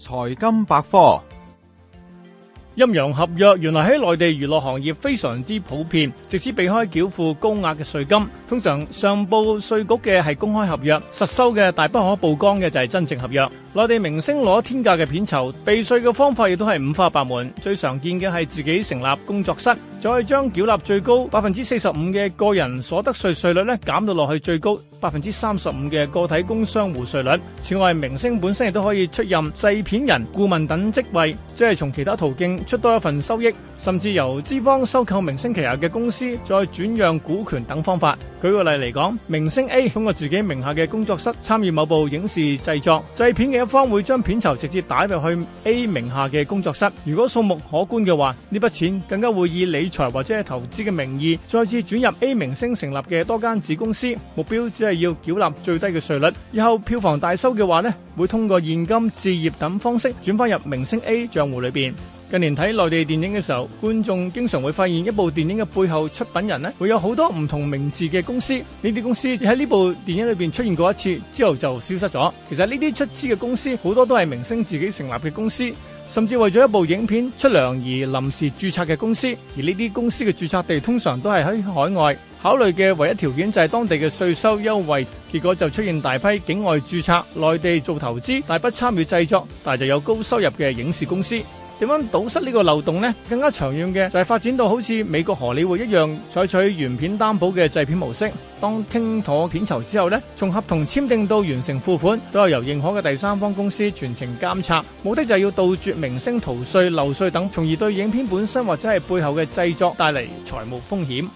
財金百科，陰陽合約原來喺內地娛樂行業非常之普遍，藉此避開繳付高額嘅稅金，通常上報稅局嘅係公開合約，實收嘅但不可曝光嘅就係真正合約。內地明星攞天價嘅片酬，避稅嘅方法亦都係五花八門，最常見嘅係自己成立工作室，再將繳納最高百分之四十五嘅個人所得稅稅率咧，減到落去最高。百分之三十五嘅個體工商戶稅率。此外，明星本身亦都可以出任製片人、顧問等職位，即係從其他途徑出多一份收益，甚至由資方收購明星旗下嘅公司，再轉讓股權等方法。舉個例嚟講，明星 A 通過自己名下嘅工作室參與某部影視製作，製片嘅一方會將片酬直接打入去 A 名下嘅工作室。如果數目可觀嘅話，呢筆錢更加會以理財或者係投資嘅名義，再次轉入 A 明星成立嘅多間子公司，目標係要繳納最低嘅稅率，以後票房大收嘅話咧，會通過現金、置業等方式轉翻入明星 A 賬戶裏邊。近年睇內地電影嘅時候，觀眾經常會發現一部電影嘅背後出品人咧，會有好多唔同名字嘅公司。呢啲公司喺呢部電影裏面出現過一次之後就消失咗。其實呢啲出資嘅公司好多都係明星自己成立嘅公司，甚至為咗一部影片出糧而臨時註冊嘅公司。而呢啲公司嘅註冊地通常都係喺海外，考慮嘅唯一條件就係當地嘅稅收優惠。結果就出現大批境外註冊、內地做投資但不參與製作但就有高收入嘅影視公司。點樣堵塞呢個漏洞呢？更加長遠嘅就係發展到好似美國荷里活一樣，採取原片擔保嘅製片模式。當傾妥片酬之後呢，從合同簽訂到完成付款，都係由認可嘅第三方公司全程監察。目的就係要杜絕明星逃稅漏稅等，從而對影片本身或者係背後嘅製作帶嚟財務風險。